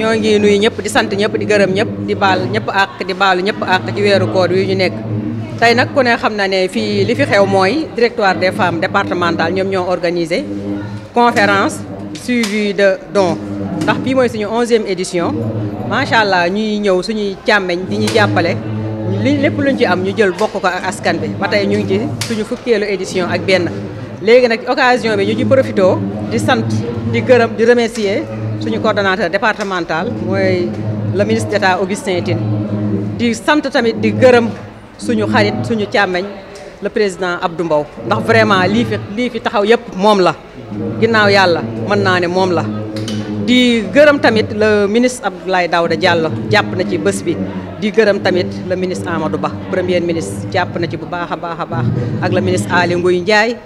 ñoo ngi nuyu ñëpp di sant ñëpp di gërëm ñëpp di baal ñëpp àq di baalu ñëpp àq ci weeru koor yu ñu nekk tey nag ku ne xam na ne fii li fi xew mooy directoire des femmes départementales ñoom ñoo organisé conférence suivi de don ndax bii mooy suñu 11e édition macha allah ñuy ñëw suñuy càmmeñ di ñu jàppale li lépp luñ ci am ñu jël bokk ko ak askan bi ba tey ñu ngi ci suñu fukkeelu édition ak benn léegi nag occasion bi ñu ci profité di sant di gërëm di remercier suñu coordonnateur départemental mooy le ministre d'État Augustin Tine di sant tamit di gërëm suñu xarit suñu càmmeñ le président ab du Mbow ndax vraiment lii fi lii fi taxaw yëpp moom la ginnaaw yàlla mën naa ne moom la di gërëm tamit le ministre Abdoulaye Daouda Diallo jàpp na ci bés bi di gërëm tamit le ministre Amadou Ba premier ministre jàpp na ci bu baax a baax a baax ak le ministre Aly Ngouille Ndiaye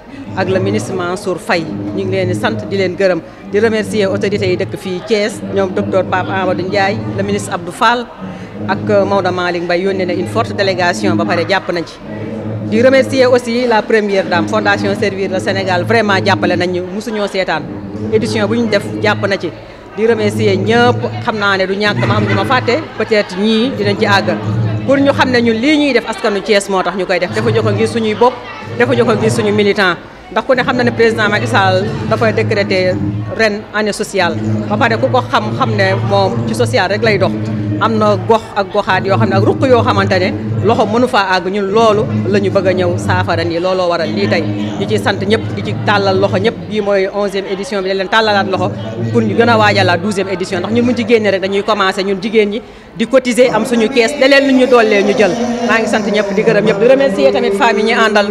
ak le ministre Mansour fay ñu ngi leen sant di leen gërëm di remercier autorités yi dëkk fii Thiès ñoom docteur Pape Amadou Ndiaye le ministre Abdou faal ak Maodo Malick Mbaye yónnee ne une forte délégation ba pare jàpp nañ ci. di remercier aussi la première dame fondation Servir le Sénégal vraiment jàppale nañ ñu mosuñoo seetaan édition bu ñu def jàpp na ci. di remercier ñepp xamna né du ñak ma am ñuma faté peut-être ñi dinañ ci àgg pour ñu xamné ñun li ñuy def askanu ties motax ñukoy def dafa joxo ngi suñuy bop dafa joxo ngi suñu militant ndax ku ne xam na ne président Macky Sall dafay décréter ren année sociale ba pare ku ko xam xam ne ci social rek lay dox am na gox ak goxaat yoo xam ne ak ruq yoo xamante ne loxo mënu faa àgg ñun loolu la ñu bëgg ñëw saafara nii looloo waral lii tey ñu ci sant ñëpp di ci tàllal loxo ñëpp bii mooy onzième édition bi dañ leen tàllalaat loxo pour ñu gën a édition ndax ñun mu ci génne rek dañuy commencé ñun jigéen ñi di cotiser am suñu kees leneen lu ñu doole ñu jël maa ngi sant ñëpp di gërëm ñëpp di remercier tamit famille ñi àndal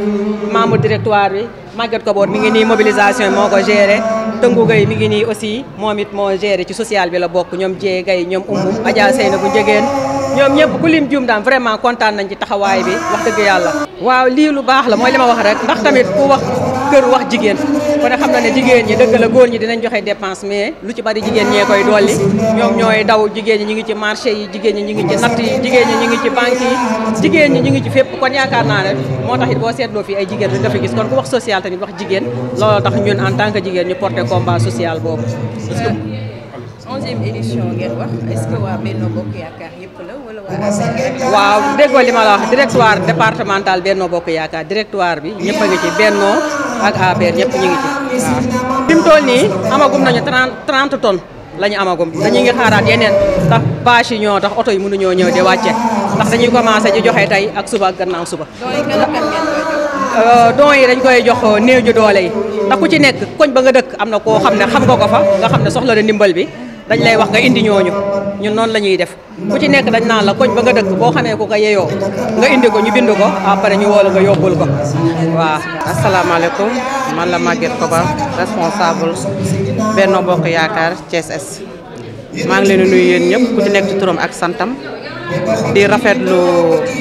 membre directoire bi Maguette Koboor mi ngi ni mobilisation moko géré Tëngu Gueye mi ngi ni aussi momit mo géré ci social bi la bok ñom Dieng Gueye ñom Oumou Adja Seyna bu jégen ñom ñepp ku lim juum daan vraiment content nañ ci taxaway bi wax deug Yalla waaw li lu bax la moy li ma wax rek ndax tamit ku wax. kër wax jigéen kon a xam na ne jigéen ñi dëgg la góor ñi dinañ joxe dépense mais lu ci bari jigéen ñee koy dolli ñoom ñooy daw jigéen ñi ñu ngi ci marché yi jigéen ñi ñu ngi ci fépp kon yaakaar naa ne moo tax it boo seetloo fii ay jigéen rek dafa gis kon ku wax social tamit wax jigéen looloo tax ñun en tant que jigéen ñu porté combat social boobu waaw déggoo li ma la wax directoire départemental Benno Bokk Yaakaar directoire bi ñëpp ngi ci ak APR ñëpp ñu ngi ci waaw. fi mu toll nii amagum nañu 30 30 tonnes la ñu amagum dañu ngi xaaraat yeneen ndax bâche yi ñoo tax oto yi mun mënuñoo ñëw di wàcce ndax dañuy commencé di joxe tey ak suba ak gannaaw suba. don euh, yi dañ koy jox euh, néew ju doole yi ndax ku ci nekk koñ ba nga dëkk am na koo xam ne xam nga ko fa nga xam ne soxla na ndimbal bi. dañ lay wax nga indi ñooñu ñu noonu la ñuy def ku ci nekk dañ naan la koñ ba nga dëkk boo xamee ku ko yeyoo nga indi ko ñu bind ko après ñu woo la nga yóbbul ko waaw. asalaamaaleykum man la màgget Maguette Koba responsable Benno Bokk Yaakaar Thiès Est maa ngi leen di nuyu ñëpp ku ci nekk ci turam ak santam di rafet lu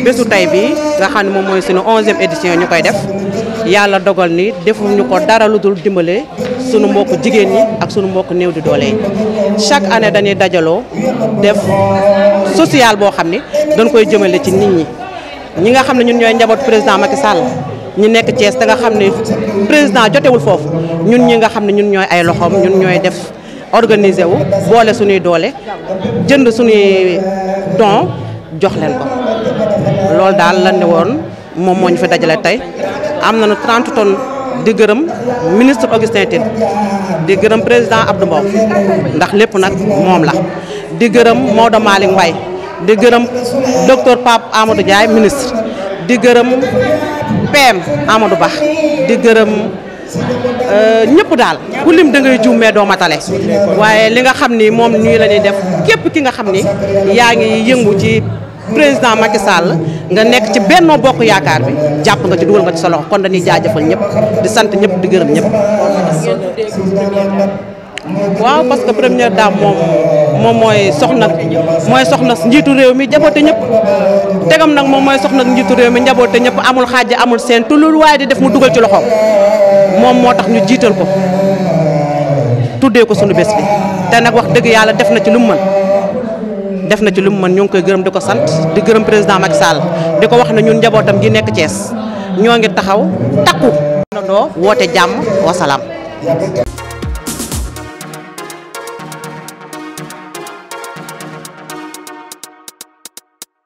bésu tay bi nga xam ne moom mooy suñu onzième édition ñu koy def. yàlla dogal ni defuñu ko dara lu dul dimbale sunu mbokku jigéen ñi ak sunu mbokku néew di doole yi chaque année dañuy dajaloo def social boo xam ni dañ koy jëmale ci nit ñi. ñi nga xam ne ñun ñooy njaboot président Macky Sall ñi nekk Thiès te nga xam ne président jotewul foofu ñun ñi nga xam ne ñun ñooy ay loxoom ñun ñooy def organiser wu boole suñuy doole jënd suñuy don jox leen ko loolu daal lan ne woon moom moo ñu fi dajale tey. am na nañu trent tonnes di gërëm ministre Augustin Tine di gërëm président Abdou Mbow ndax lépp nag moom la di gërëm Maodo Malick Mbaye di gërëm docteur Pape Amadou jaay ministre di gërëm PM Amadou Ba di gërëm euh, ñëpp daal ku lim da ngay juum mais doo matale waaye li nga xam ni moom nii la def képp ki nga xam ni yaa ngi yëngu ci président Macky Sall nga nek ci benno bokk yaakar bi japp nga ci duul nga ci solo kon dañuy jaajeufal ñep di sante ñep di gëreem ñep waaw parce que première dame mom mom moy soxna moy soxna njitu rew mi jabote ñep tegam nak mom moy soxna njitu rew mi njabote ñep amul xajja amul sen tulul way di def mu duggal ci loxo mom motax ñu jital ko tuddé ko sunu bes bi té nak wax deug yalla def na ci lu mu def na ci lu mu mën ñu ngi koy gërëm di ko sant di gërëm président Macky Sall di ko wax ne ñun njabootam gi nekk Thiès ñoo ngi taxaw takku. doo woote jàmm wa